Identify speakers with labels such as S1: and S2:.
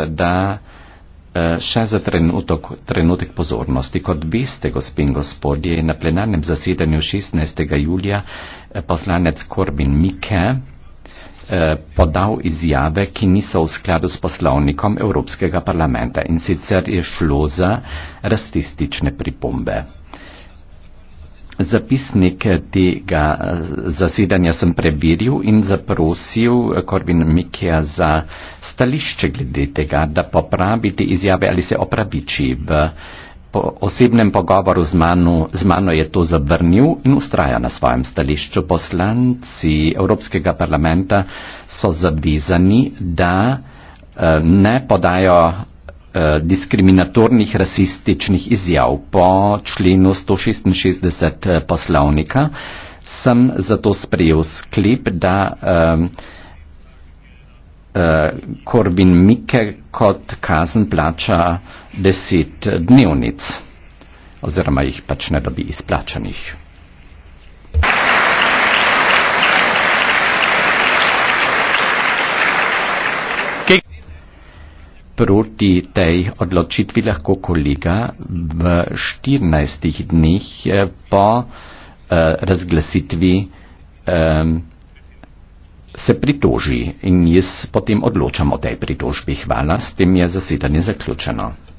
S1: da eh, še za trenutok, trenutek pozornosti. Kot veste, gospod in gospodje, na plenarnem zasedanju 16. julija eh, poslanec Korbin Mike eh, podal izjave, ki niso v skladu s poslovnikom Evropskega parlamenta in sicer je šlo za rasistične pripombe. Zapisnik eh, tega eh, zasedanja sem preveril in zaprosil eh, Korvin Mikija za stališče glede tega, da popravi te izjave ali se opraviči. V po osebnem pogovoru z mano, z mano je to zavrnil in ustraja na svojem stališču. Poslanci Evropskega parlamenta so zavezani, da ne podajo eh, diskriminatornih rasističnih izjav po členu 166 eh, poslovnika, sem zato sprejel sklep, da eh, eh, Korbin Mike kot kazen plača 10 dnevnic oziroma jih pač ne dobi izplačanih. proti tej odločitvi lahko kolega v 14 dneh eh, po eh, razglasitvi se pritoži in jaz potem odločam o tej pritožbi. Hvala, s tem je zasedanje zaključeno.